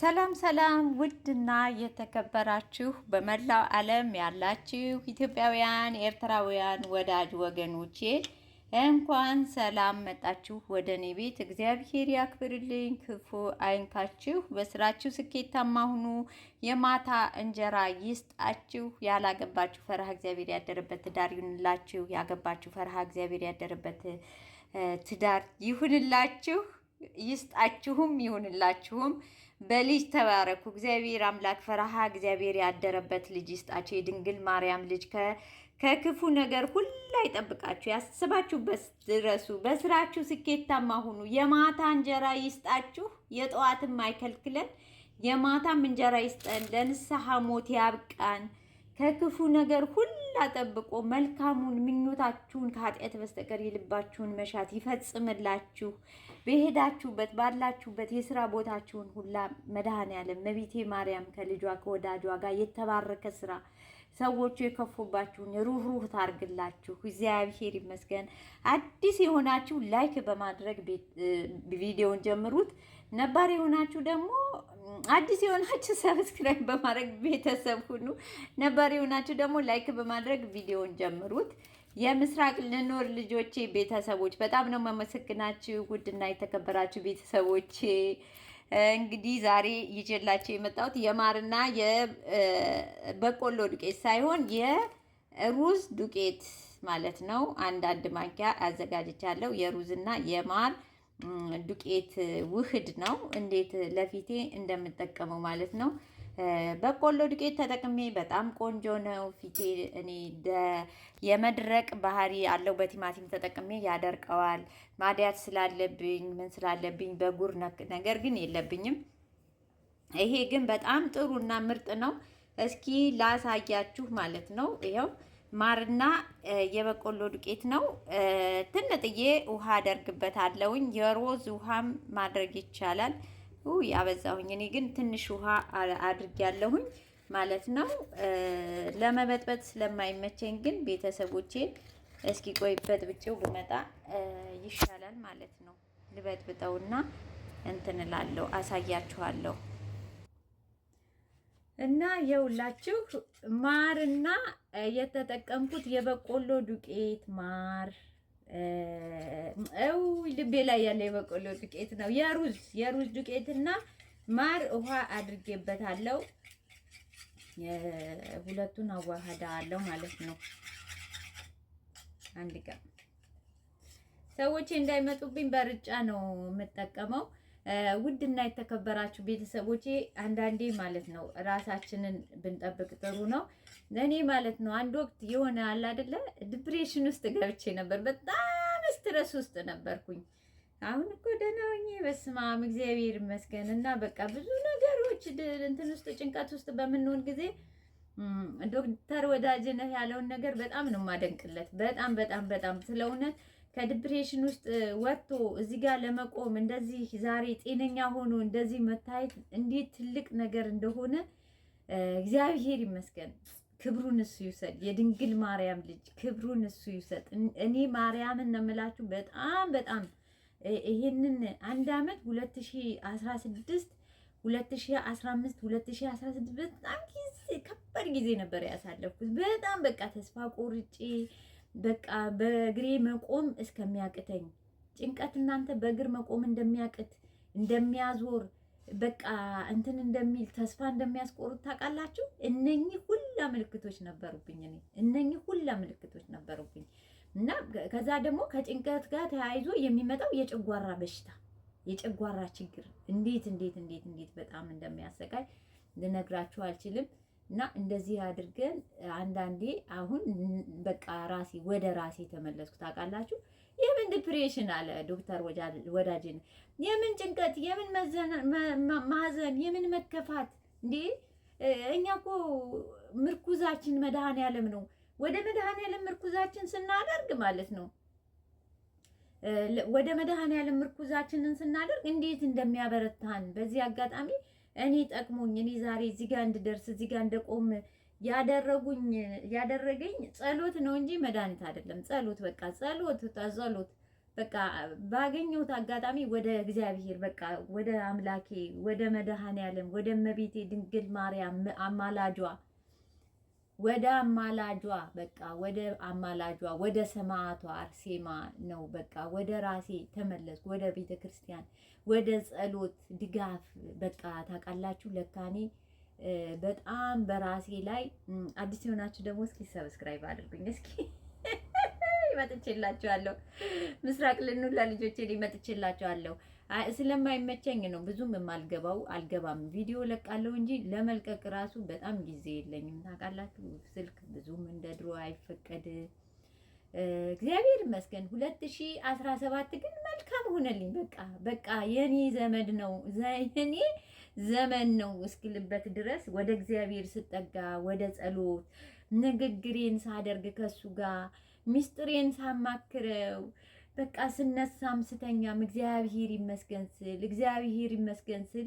ሰላም ሰላም ውድና የተከበራችሁ በመላው ዓለም ያላችሁ ኢትዮጵያውያን፣ ኤርትራውያን ወዳጅ ወገኖቼ እንኳን ሰላም መጣችሁ ወደ እኔ ቤት። እግዚአብሔር ያክብርልኝ፣ ክፉ አይንካችሁ፣ በስራችሁ ስኬታማ ሁኑ፣ የማታ እንጀራ ይስጣችሁ። ያላገባችሁ ፈርሃ እግዚአብሔር ያደረበት ትዳር ይሁንላችሁ፣ ያገባችሁ ፈርሃ እግዚአብሔር ያደረበት ትዳር ይሁንላችሁ፣ ይስጣችሁም ይሁንላችሁም። በልጅ ተባረኩ። እግዚአብሔር አምላክ ፈርሃ እግዚአብሔር ያደረበት ልጅ ይስጣቸው። የድንግል ማርያም ልጅ ከክፉ ነገር ሁላ ይጠብቃችሁ፣ ያስባችሁበት ድረሱ። በስራችሁ ስኬታማ ሁኑ። የማታ እንጀራ ይስጣችሁ፣ የጠዋትም አይከልክለን። የማታም እንጀራ ይስጠን። ለንስሐ ሞት ያብቃን። ከክፉ ነገር ሁላ ጠብቆ መልካሙን ምኞታችሁን ከኃጢአት በስተቀር የልባችሁን መሻት ይፈጽምላችሁ። በሄዳችሁበት ባላችሁበት የስራ ቦታችሁን ሁላ መድኃኔዓለም መቤቴ ማርያም ከልጇ ከወዳጇ ጋር የተባረከ ስራ ሰዎቹ የከፉባችሁን ሩህሩህ ታርግላችሁ። እግዚአብሔር ይመስገን። አዲስ የሆናችሁ ላይክ በማድረግ ቪዲዮን ጀምሩት። ነባር የሆናችሁ ደግሞ አዲስ የሆናችሁ ሰብስክራይብ በማድረግ ቤተሰብ ሁኑ። ነባር የሆናችሁ ደግሞ ላይክ በማድረግ ቪዲዮውን ጀምሩት። የምስራቅ ልኖር ልጆቼ ቤተሰቦች በጣም ነው መመሰግናችሁ። ውድና የተከበራችሁ ቤተሰቦቼ እንግዲህ ዛሬ ይዤላችሁ የመጣሁት የማርና የበቆሎ ዱቄት ሳይሆን የሩዝ ዱቄት ማለት ነው። አንዳንድ ማንኪያ አዘጋጅቻለሁ የሩዝና የማር ዱቄት ውህድ ነው። እንዴት ለፊቴ እንደምጠቀመው ማለት ነው። በቆሎ ዱቄት ተጠቅሜ በጣም ቆንጆ ነው። ፊቴ እኔ የመድረቅ ባህሪ አለው። በቲማቲም ተጠቅሜ ያደርቀዋል። ማዲያት ስላለብኝ ምን ስላለብኝ በጉር ነገር ግን የለብኝም። ይሄ ግን በጣም ጥሩ እና ምርጥ ነው። እስኪ ላሳያችሁ ማለት ነው። ይኸው ማርና የበቆሎ ዱቄት ነው። ትንጥዬ ውሃ አደርግበታለሁኝ። የሮዝ ውሃም ማድረግ ይቻላል። ያበዛሁኝ እኔ ግን ትንሽ ውሃ አድርጊያለሁኝ ማለት ነው። ለመበጥበጥ ስለማይመቸኝ ግን ቤተሰቦቼ እስኪ ቆይ በጥብጬው ብመጣ ይሻላል ማለት ነው። ልበጥብጠውና እንትንላለሁ፣ አሳያችኋለሁ። እና የውላችሁ ማርና የተጠቀምኩት የበቆሎ ዱቄት ማር እው ልቤ ላይ ያለ የበቆሎ ዱቄት ነው። የሩዝ የሩዝ ዱቄትና ማር ውሃ አድርጌበታለሁ። ሁለቱን አዋሃዳ አለው ማለት ነው። አንድ ቀን ሰዎች እንዳይመጡብኝ በርጫ ነው የምጠቀመው። ውድና የተከበራችሁ ቤተሰቦቼ አንዳንዴ ማለት ነው ራሳችንን ብንጠብቅ ጥሩ ነው። እኔ ማለት ነው አንድ ወቅት የሆነ አለ አይደለ ዲፕሬሽን ውስጥ ገብቼ ነበር። በጣም ስትረስ ውስጥ ነበርኩኝ። አሁን እኮ ደህና ሆኜ በስመ አብ እግዚአብሔር ይመስገን። እና በቃ ብዙ ነገሮች እንትን ውስጥ ጭንቀት ውስጥ በምንሆን ጊዜ ዶክተር ወዳጅነህ ያለውን ነገር በጣም ነው የማደንቅለት። በጣም በጣም በጣም ስለ እውነት ከዲፕሬሽን ውስጥ ወጥቶ እዚህ ጋር ለመቆም እንደዚህ ዛሬ ጤነኛ ሆኖ እንደዚህ መታየት እንዴት ትልቅ ነገር እንደሆነ እግዚአብሔር ይመስገን። ክብሩን እሱ ይውሰድ። የድንግል ማርያም ልጅ ክብሩን እሱ ይውሰድ። እኔ ማርያምን ነው የምላችሁ። በጣም በጣም ይሄንን አንድ አመት 2016 2015 2016 በጣም ጊዜ ከባድ ጊዜ ነበር ያሳለፍኩት። በጣም በቃ ተስፋ ቆርጬ በቃ በእግሬ መቆም እስከሚያቅተኝ ጭንቀት እናንተ በእግር መቆም እንደሚያቅት እንደሚያዞር በቃ እንትን እንደሚል ተስፋ እንደሚያስቆሩት ታውቃላችሁ። እነኚህ ሁላ ምልክቶች ነበሩብኝ እኔ እነኚህ ሁላ ምልክቶች ነበሩብኝ እና ከዛ ደግሞ ከጭንቀት ጋር ተያይዞ የሚመጣው የጨጓራ በሽታ የጨጓራ ችግር እንዴት እንዴት እንዴት እንዴት በጣም እንደሚያሰቃይ ልነግራችሁ አልችልም። እና እንደዚህ አድርገን አንዳንዴ አሁን በቃ ራሴ ወደ ራሴ ተመለስኩ። ታውቃላችሁ የምን ዲፕሬሽን አለ ዶክተር ወዳጅን፣ የምን ጭንቀት፣ የምን ማዘን፣ የምን መከፋት እንዴ እኛ እኮ ምርኩዛችን መድኃኔዓለም ነው። ወደ መድኃኔዓለም ምርኩዛችን ስናደርግ ማለት ነው ወደ መድኃኔዓለም ምርኩዛችንን ስናደርግ እንዴት እንደሚያበረታን በዚህ አጋጣሚ እኔ ጠቅሞኝ እኔ ዛሬ እዚህ ጋር እንድደርስ እዚህ ጋር እንደቆም ያደረጉኝ ያደረገኝ ጸሎት ነው እንጂ መድኃኒት አይደለም። ጸሎት በቃ ጸሎት ጸሎት በቃ ባገኘሁት አጋጣሚ ወደ እግዚአብሔር በቃ ወደ አምላኬ ወደ መድኃኔዓለም ወደ እመቤቴ ድንግል ማርያም አማላጇ ወደ አማላጇ በቃ ወደ አማላጇ ወደ ሰማዕቷ አርሴማ ነው። በቃ ወደ ራሴ ተመለስኩ፣ ወደ ቤተ ክርስቲያን፣ ወደ ጸሎት ድጋፍ። በቃ ታውቃላችሁ ለካኔ በጣም በራሴ ላይ አዲስ የሆናችሁ ደግሞ እስኪ ሰብስክራይብ አድርጉኝ። እስኪ ይመጥችላችኋለሁ፣ ምስራቅ ልኑ ለልጆቼ ይመጥችላችኋለሁ። ስለማይመቸኝ ነው ብዙም የማልገባው አልገባም። ቪዲዮ ለቃለው እንጂ ለመልቀቅ ራሱ በጣም ጊዜ የለኝም። ታውቃላችሁ ስልክ ብዙም እንደ ድሮ አይፈቀድ። እግዚአብሔር ይመስገን 2017 ግን መልካም ሆነልኝ። በቃ በቃ የኔ ዘመድ ነው የኔ ዘመን ነው እስክልበት ድረስ ወደ እግዚአብሔር ስጠጋ ወደ ጸሎት ንግግሬን ሳደርግ ከሱ ጋር ሚስጥሬን ሳማክረው በቃ ስነሳም ስተኛም እግዚአብሔር ይመስገን ስል እግዚአብሔር ይመስገን ስል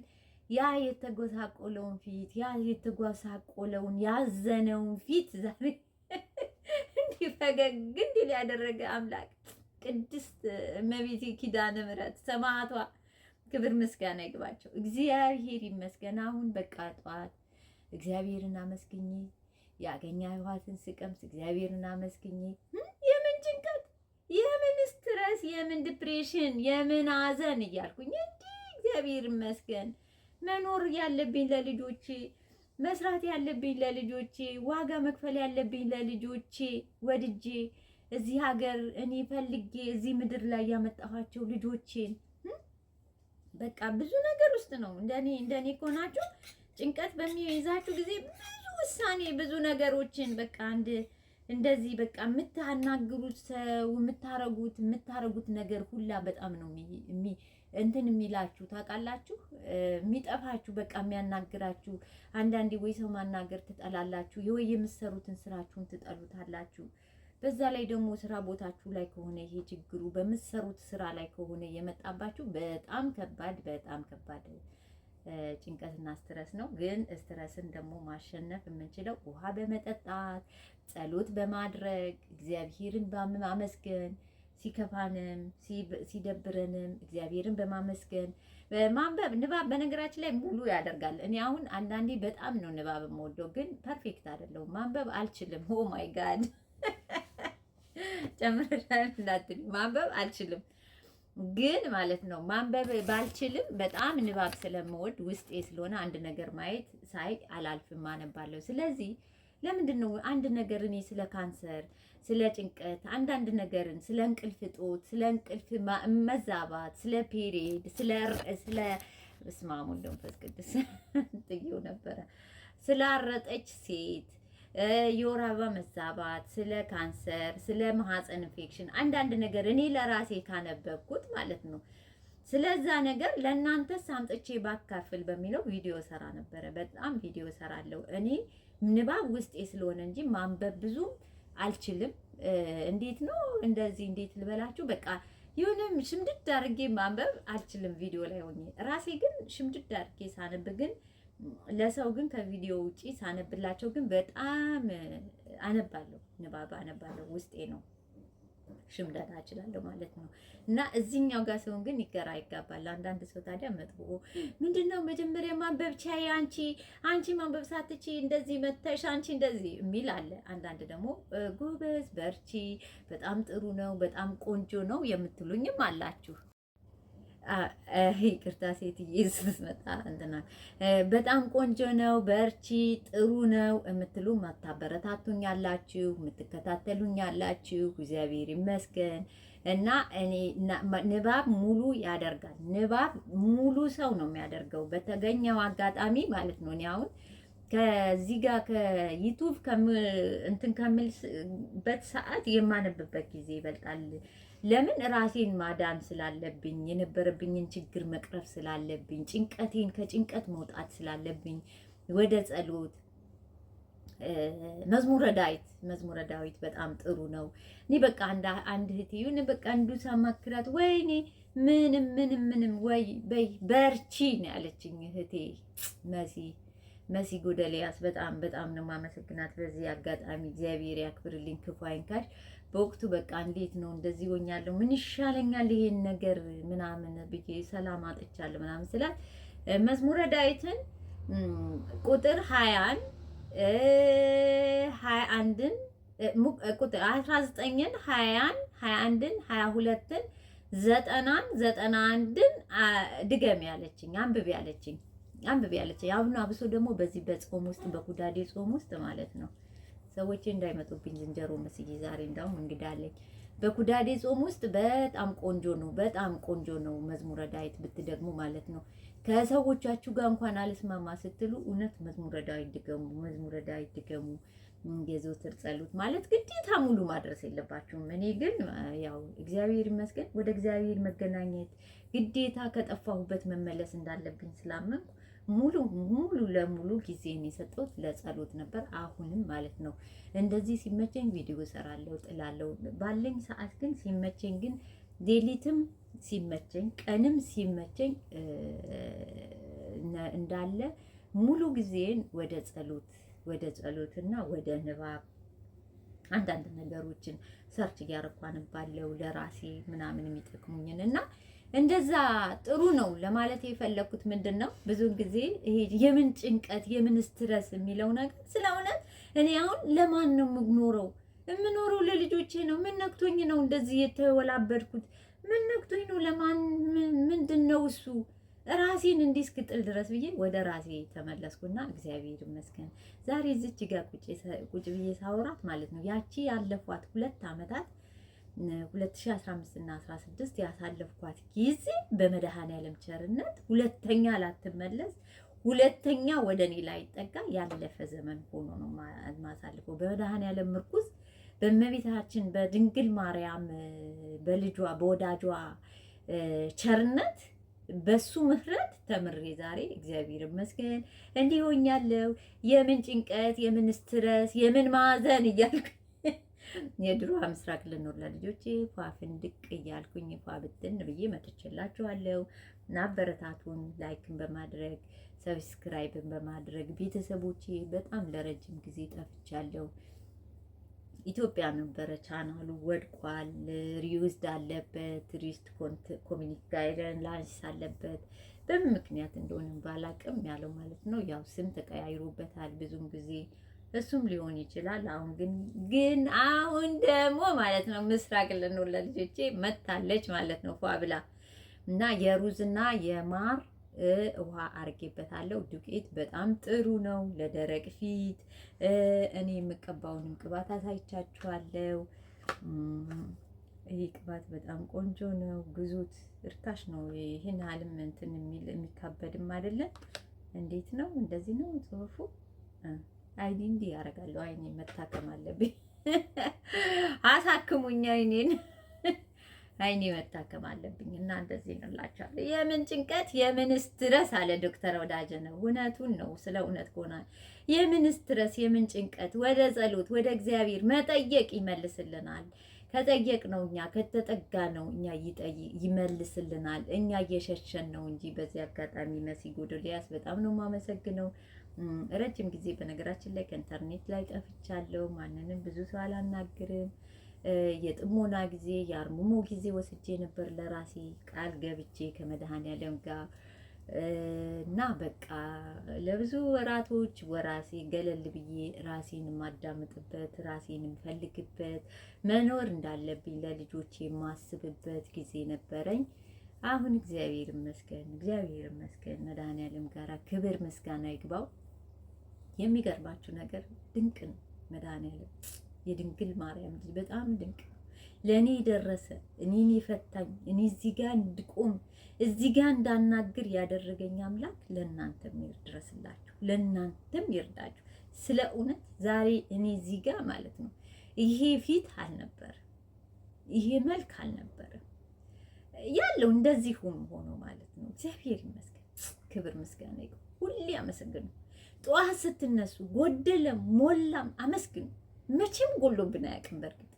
ያ የተጎሳቆለውን ፊት ያ የተጎሳቆለውን ያዘነውን ፊት ዛሬ እንዲህ ፈገግ እንዲል ያደረገ አምላክ ቅድስት እመቤቴ ኪዳነ ምሕረት ሰማዕቷ ክብር ምስጋና ይግባቸው። እግዚአብሔር ይመስገን። አሁን በቃ ጠዋት እግዚአብሔርን አመስግኜ ያገኛ ህዋትን ስቀምስ እግዚአብሔርን አመስግኜ ድረስ የምን ዲፕሬሽን የምን አዘን እያልኩኝ እንዲህ እግዚአብሔር ይመስገን መኖር ያለብኝ ለልጆቼ፣ መስራት ያለብኝ ለልጆቼ፣ ዋጋ መክፈል ያለብኝ ለልጆቼ ወድጄ እዚህ ሀገር እኔ ፈልጌ እዚህ ምድር ላይ ያመጣኋቸው ልጆቼን በቃ ብዙ ነገር ውስጥ ነው። እንደኔ እንደኔ ከሆናችሁ ጭንቀት በሚይዛችሁ ጊዜ ብዙ ውሳኔ ብዙ ነገሮችን በቃ አንድ እንደዚህ በቃ የምታናግሩት ሰው የምታረጉት የምታረጉት ነገር ሁላ በጣም ነው እንትን የሚላችሁ ታውቃላችሁ፣ የሚጠፋችሁ በቃ የሚያናግራችሁ። አንዳንዴ ወይ ሰው ማናገር ትጠላላችሁ፣ ወይ የምትሰሩትን ስራችሁን ትጠሉታላችሁ። በዛ ላይ ደግሞ ስራ ቦታችሁ ላይ ከሆነ ይሄ ችግሩ በምትሰሩት ስራ ላይ ከሆነ የመጣባችሁ በጣም ከባድ በጣም ከባድ ጭንቀትና ስትረስ ነው። ግን ስትረስን ደግሞ ማሸነፍ የምንችለው ውሃ በመጠጣት ጸሎት በማድረግ እግዚአብሔርን በማመስገን ሲከፋንም ሲደብረንም እግዚአብሔርን በማመስገን በማንበብ ንባብ በነገራችን ላይ ሙሉ ያደርጋል። እኔ አሁን አንዳንዴ በጣም ነው ንባብ የምወደው፣ ግን ፐርፌክት አይደለሁም። ማንበብ አልችልም። ኦ ማይ ጋድ ጨምረሻል እንዳትል ማንበብ አልችልም። ግን ማለት ነው ማንበብ ባልችልም በጣም ንባብ ስለምወድ ውስጤ ስለሆነ አንድ ነገር ማየት ሳይ አላልፍም፣ አነባለሁ። ስለዚህ ለምንድን ነው አንድ ነገር እኔ ስለ ካንሰር፣ ስለ ጭንቀት፣ አንዳንድ ነገርን ስለ እንቅልፍ እጦት፣ ስለ እንቅልፍ መዛባት፣ ስለ ፔሪድ፣ ስለ ስለ ስማሙን መንፈስ ቅዱስ ጥዬው ነበረ ስላረጠች ሴት የወር አበባ መዛባት፣ ስለ ካንሰር፣ ስለ ማህፀን ኢንፌክሽን አንዳንድ ነገር እኔ ለራሴ ካነበብኩት ማለት ነው ስለዛ ነገር ለእናንተ ሳምጥቼ ባካፍል በሚለው ቪዲዮ ሰራ ነበረ። በጣም ቪዲዮ ሰራለሁ እኔ ንባብ ውስጤ ስለሆነ እንጂ ማንበብ ብዙም አልችልም። እንዴት ነው እንደዚህ እንዴት ልበላችሁ፣ በቃ ይሁንም ሽምድድ አድርጌ ማንበብ አልችልም ቪዲዮ ላይ ሆኜ ራሴ ግን ሽምድድ አድርጌ ሳነብ ግን ለሰው ግን ከቪዲዮ ውጪ ሳነብላቸው ግን በጣም አነባለሁ፣ ንባብ አነባለሁ። ውስጤ ነው፣ ሽምደዳ እችላለሁ ማለት ነው። እና እዚህኛው ጋር ሰውን ግን ይገራ ይጋባል። አንዳንድ ሰው ታዲያ መጥቦ ምንድን ነው መጀመሪያ ማንበብ ቻይ አንቺ አንቺ ማንበብ ሳትቺ እንደዚህ መተሽ አንቺ እንደዚህ የሚል አለ። አንዳንድ ደግሞ ጎበዝ በርቺ፣ በጣም ጥሩ ነው፣ በጣም ቆንጆ ነው የምትሉኝም አላችሁ። ይቅርታ ሴትዬ ስትመጣ እንትና በጣም ቆንጆ ነው፣ በርቺ፣ ጥሩ ነው የምትሉ ማታበረታቱኝ ያላችሁ የምትከታተሉኝ ያላችሁ እግዚአብሔር ይመስገን እና እኔ ንባብ ሙሉ ያደርጋል። ንባብ ሙሉ ሰው ነው የሚያደርገው በተገኘው አጋጣሚ ማለት ነው። እኔ አሁን ከዚህ ጋር ከዩቱብ እንትን ከምልበት ሰዓት የማነብበት ጊዜ ይበልጣል። ለምን ራሴን ማዳን ስላለብኝ የነበረብኝን ችግር መቅረፍ ስላለብኝ ጭንቀቴን ከጭንቀት መውጣት ስላለብኝ ወደ ጸሎት መዝሙረ ዳዊት መዝሙረ ዳዊት በጣም ጥሩ ነው። እኔ በቃ አንድ እህቴውን በቃ እንዱ ሳማክራት ወይኔ ምንም ምንም ምንም ወይ በይ በርቺ ነው ያለችኝ እህቴ መሲ መሲ ጎደልያስ በጣም በጣም ነው ማመሰግናት። በዚህ አጋጣሚ እግዚአብሔር ያክብርልኝ ክፉ አይንካሽ። በወቅቱ በቃ እንዴት ነው እንደዚህ ሆኛለሁ፣ ምን ይሻለኛል ይሄን ነገር ምናምን ብዬ ሰላም አጥቻለሁ ምናምን ስላል መዝሙረ ዳዊትን ቁጥር ሀያን ሀያ አንድን ቁጥር አስራ ዘጠኝን ሀያን ሀያ አንድን ሀያ ሁለትን ዘጠናን ዘጠና አንድን ድገም ያለችኝ አንብብ ያለችኝ አንብብ ያለችኝ። አሁን አብሶ ደግሞ በዚህ በጾም ውስጥ በጉዳዴ ጾም ውስጥ ማለት ነው ሰዎች እንዳይመጡብኝ ዝንጀሮ መስዬ ዛሬ እንዳውም እንግዳ በኩዳዴ ጾም ውስጥ በጣም ቆንጆ ነው፣ በጣም ቆንጆ ነው። መዝሙረ ዳዊት ብትደግሙ ማለት ነው። ከሰዎቻችሁ ጋር እንኳን አልስማማ ስትሉ እውነት መዝሙረ ዳዊት ድገሙ፣ መዝሙረ ዳዊት ድገሙ። የዘወትር ጸሎት ማለት ግዴታ ሙሉ ማድረስ የለባችሁም። እኔ ግን ያው እግዚአብሔር ይመስገን ወደ እግዚአብሔር መገናኘት ግዴታ ከጠፋሁበት መመለስ እንዳለብኝ ስላመንኩ ሙሉ ሙሉ ለሙሉ ጊዜን የሰጠሁት ለጸሎት ነበር። አሁንም ማለት ነው እንደዚህ ሲመቸኝ ቪዲዮ እሰራለሁ ጥላለሁ። ባለኝ ሰዓት ግን ሲመቸኝ ግን ሌሊትም ሲመቸኝ ቀንም ሲመቸኝ እንዳለ ሙሉ ጊዜን ወደ ጸሎት ወደ ጸሎትና ወደ ንባብ አንዳንድ ነገሮችን ሰርች እያረኳንባለው ለራሴ ምናምን የሚጠቅሙኝን እና እንደዛ ጥሩ ነው ለማለት የፈለኩት ምንድን ነው፣ ብዙውን ጊዜ የምን ጭንቀት የምን ስትረስ የሚለው ነገር ስለ እውነት እኔ አሁን ለማን ነው የምኖረው? የምኖረው ለልጆቼ ነው። ምን ነክቶኝ ነው እንደዚህ የተወላበድኩት? ምን ነክቶኝ ነው? ለማን ምንድን ነው እሱ? ራሴን እንዲህ እስክጥል ድረስ ብዬ ወደ ራሴ ተመለስኩና እግዚአብሔር ይመስገን ዛሬ እዚች ጋር ቁጭ ብዬ ሳወራት ማለት ነው ያቺ ያለፏት ሁለት ዓመታት 2015 እና 16 ያሳለፍኳት ጊዜ በመድኃኔዓለም ቸርነት ሁለተኛ ላትመለስ ሁለተኛ ወደ እኔ ላይጠጋ ያለፈ ዘመን ሆኖ ነው ማሳልፈው። በመድኃኔዓለም ምርኩዝ በእመቤታችን በድንግል ማርያም በልጇ በወዳጇ ቸርነት በሱ ምሕረት ተምሬ ዛሬ እግዚአብሔር ይመስገን እንዲህ ሆኛለሁ። የምን ጭንቀት፣ የምን ስትረስ፣ የምን ማዘን እያልኩ የድሮ ምስራቅ ልኖር ለልጆች ፏ ድቅ እያልኩኝ ፏ ብትን ብዬ መጥቼላችኋለሁ። ናበረታቱን ላይክን በማድረግ ሰብስክራይብን በማድረግ ቤተሰቦቼ። በጣም ለረጅም ጊዜ ጠፍቻለሁ። ኢትዮጵያ ነበረ ቻናሉ ወድቋል። ሪዩዝድ አለበት ሪስት ኮሚኒቲ ላንስ አለበት። በምን ምክንያት እንደሆነ ባላቅም ያለው ማለት ነው። ያው ስም ተቀያይሮበታል ብዙም ጊዜ እሱም ሊሆን ይችላል። አሁን ግን ግን አሁን ደግሞ ማለት ነው ምስራቅ ልንውላ ልጆቼ መታለች ማለት ነው ፏ ብላ እና የሩዝና የማር ውሃ አርጌበታለሁ። ዱቄት በጣም ጥሩ ነው ለደረቅ ፊት። እኔ የምቀባውንም ቅባት አሳይቻችኋለሁ። ይህ ቅባት በጣም ቆንጆ ነው። ግዙት፣ እርካሽ ነው። ይህን ያህልም እንትን የሚል የሚካበድም አይደለም። እንዴት ነው? እንደዚህ ነው ጽሁፉ አይኔ እንዲህ ያደርጋለሁ። አይኔ መታከም አለብኝ። አሳክሙኝ አይኔን አይኔ መታከም አለብኝ እና እንደዚህ እንላቸዋለን። የምን ጭንቀት የምን ስትረስ አለ ዶክተር ወዳጀ ነው። እውነቱን ነው። ስለ እውነት ከሆነ የምን ስትረስ የምን ጭንቀት፣ ወደ ጸሎት ወደ እግዚአብሔር መጠየቅ ይመልስልናል። ከጠየቅ ነው እኛ ከተጠጋ ነው እኛ ይመልስልናል። እኛ እየሸሸን ነው እንጂ። በዚህ አጋጣሚ መሲ ጎዶልያስ በጣም ነው የማመሰግነው። ረጅም ጊዜ በነገራችን ላይ ከኢንተርኔት ላይ ጠፍቻለሁ። ማንንም ብዙ ሰው አላናግርም። የጥሞና ጊዜ የአርምሞ ጊዜ ወስጄ ነበር ለራሴ ቃል ገብቼ ከመድኃኔዓለም ጋር እና በቃ ለብዙ ወራቶች ወራሴ ገለል ብዬ ራሴን የማዳምጥበት ራሴን የምፈልግበት መኖር እንዳለብኝ ለልጆች የማስብበት ጊዜ ነበረኝ። አሁን እግዚአብሔር ይመስገን፣ እግዚአብሔር ይመስገን። መድኃኔዓለም ጋር ክብር ምስጋና ይግባው። የሚገርማችሁ ነገር ድንቅ ነው። መድኃኒዓለም የድንግል ማርያም ልጅ በጣም ድንቅ ነው። ለእኔ የደረሰ እኔን የፈታኝ እኔ እዚህ ጋር እንድቆም እዚህ ጋር እንዳናግር ያደረገኝ አምላክ ለእናንተም ይድረስላችሁ፣ ለእናንተም ይርዳችሁ። ስለ እውነት ዛሬ እኔ እዚህ ጋር ማለት ነው ይሄ ፊት አልነበረ፣ ይሄ መልክ አልነበረ ያለው እንደዚህ ሆኖ ማለት ነው። እግዚአብሔር ይመስገን፣ ክብር ምስጋና ሁሌ አመሰግነው። ጠዋት ስትነሱ ጎደለም ሞላም አመስግኑ። መቼም ጎሎብን አያውቅም። በርግጥ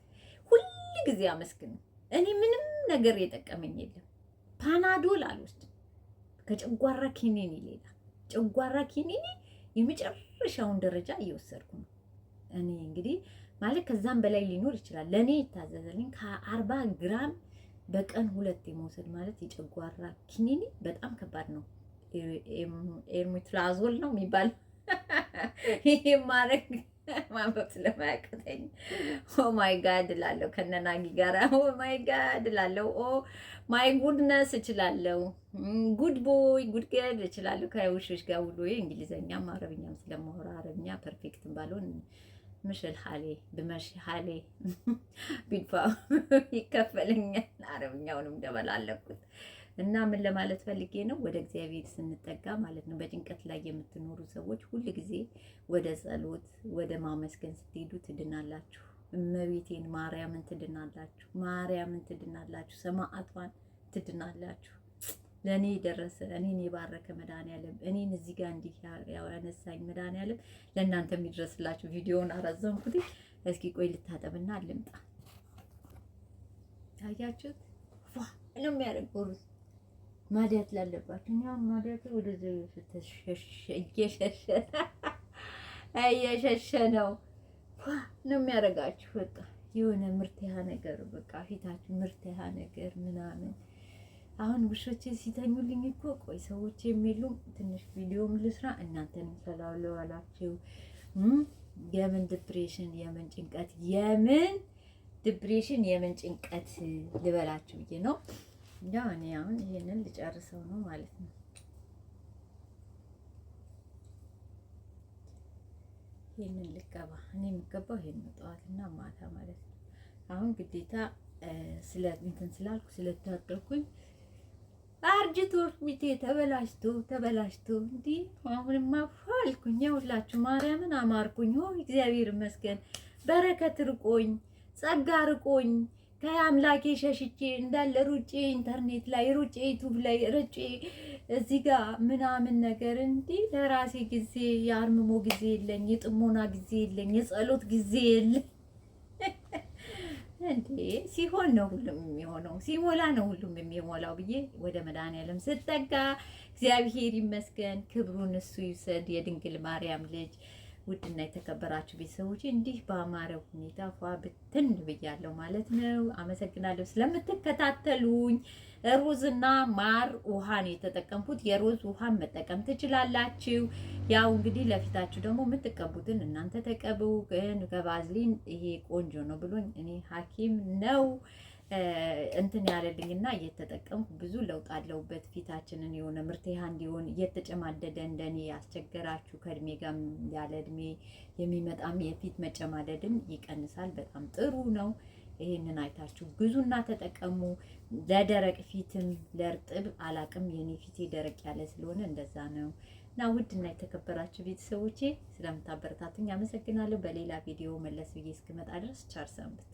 ሁል ጊዜ አመስግኑ። እኔ ምንም ነገር የጠቀመኝ የለም። ፓናዶል አልወስድም። ከጨጓራ ኪኒኒ ሌላ ጨጓራ ኪኒኒ የመጨረሻውን ደረጃ እየወሰድኩ ነው። እኔ እንግዲህ ማለት ከዛም በላይ ሊኖር ይችላል። ለእኔ ይታዘዘልኝ ከአርባ ግራም በቀን ሁለት የመውሰድ ማለት የጨጓራ ኪኒኒ በጣም ከባድ ነው። ኤርሚትራዞል ነው የሚባል ይህ ማድረግ ማንበብ ስለማያቅተኝ ኦ ማይ ጋድ እላለሁ። ከነናጊ ጋር ኦ ማይ ጋድ እላለሁ። ኦ ማይ ጉድነስ እችላለሁ። ጉድ ቦይ ጉድ ገል እችላለሁ። ከውሾች ጋር ውሎ እንግሊዘኛም አረብኛም ስለማወራ አረብኛ ፐርፌክትም ባልሆን ምሽል ሀሌ ብመሽ ሀሌ ቢድፋ ይከፈለኛል። አረብኛውንም ደበላለኩት። እና ምን ለማለት ፈልጌ ነው፣ ወደ እግዚአብሔር ስንጠጋ ማለት ነው። በጭንቀት ላይ የምትኖሩ ሰዎች ሁል ጊዜ ወደ ጸሎት፣ ወደ ማመስገን ስትሄዱ ትድናላችሁ። እመቤቴን ማርያምን ትድናላችሁ፣ ማርያምን ትድናላችሁ፣ ሰማዕቷን ትድናላችሁ። ለእኔ የደረሰ እኔን የባረከ መድኃኒዓለም እኔን እዚህ ጋር እንዲህ ያነሳኝ መድኃኒዓለም ለእናንተ የሚደረስላችሁ። ቪዲዮውን አራዘምኩት። እስኪ ቆይ ልታጠብና ልምጣ። ታያችሁት ነው የሚያደርገው ማዲያት ላለባችሁ እኛም ማዲያቱ ወደዚህ እየሸሸ እየሸሸ ነው ነው የሚያደርጋችሁ። በቃ የሆነ ምርትያ ነገር በቃ ፊታችሁ ምርትያ ነገር ምናምን። አሁን ውሾቼ ሲተኙልኝ እኮ ቆይ ሰዎች የሚሉ ትንሽ ቪዲዮም ልስራ እናንተንም ተላለዋላችሁ። የምን ዲፕሬሽን የምን ጭንቀት የምን ዲፕሬሽን የምን ጭንቀት ልበላችሁ ብዬ ነው። ያው እኔ አሁን ይሄንን ልጨርሰው ነው ማለት ነው። ይሄንን ልቀባ እኔ የምገባው ይሄን ጠዋትና ማታ ማለት ነው። አሁን ግዴታ ስለ እንትን ስላልኩ ስለታጠብኩኝ አርጅቶ ሚቴ ተበላሽቶ ተበላሽቶ እንዲህ አሁንማ ፏልኩኝ። ሁላችሁ ማርያምን አማርኩኝ። ሆ እግዚአብሔር ይመስገን በረከት ርቆኝ ጸጋ ርቆኝ ከአምላኬ ሸሽቼ እንዳለ ሩጬ ኢንተርኔት ላይ ሩጬ ዩቱብ ላይ ሩጬ እዚህ ጋር ምናምን ነገር እንዲ ለራሴ ጊዜ የአርምሞ ጊዜ የለኝ፣ የጥሞና ጊዜ የለኝ፣ የጸሎት ጊዜ የለኝ። እንዴ ሲሆን ነው ሁሉም የሚሆነው፣ ሲሞላ ነው ሁሉም የሚሞላው ብዬ ወደ መድኃኒዓለም ስጠጋ እግዚአብሔር ይመስገን፣ ክብሩን እሱ ይውሰድ፣ የድንግል ማርያም ልጅ ውድና የተከበራችሁ ቤተሰቦች እንዲህ በአማረ ሁኔታ ፏ ብትን ብያለሁ ማለት ነው። አመሰግናለሁ ስለምትከታተሉኝ። ሩዝና ማር ውሃ የተጠቀምኩት። የሮዝ ውሃን መጠቀም ትችላላችሁ። ያው እንግዲህ ለፊታችሁ ደግሞ የምትቀቡትን እናንተ ተቀቡ። ግን ከባዝሊን ይሄ ቆንጆ ነው ብሎኝ እኔ ሐኪም ነው እንትን ያለልኝና እየተጠቀምኩ ብዙ ለውጥ አለውበት። ፊታችንን የሆነ ምርትያ እንዲሆን እየተጨማደደ እንደኔ ያስቸገራችሁ ከእድሜ ጋር ያለ እድሜ የሚመጣም የፊት መጨማደድን ይቀንሳል። በጣም ጥሩ ነው። ይህንን አይታችሁ ግዙና ተጠቀሙ። ለደረቅ ፊትም ለእርጥብ አላቅም። የኔ ፊቴ ደረቅ ያለ ስለሆነ እንደዛ ነው። እና እና የተከበራችሁ ቤተሰቦቼ ስለምታበረታትኝ አመሰግናለሁ። በሌላ ቪዲዮ መለስ ብዬ እስክመጣ ድረስ ቻርሰንብቱ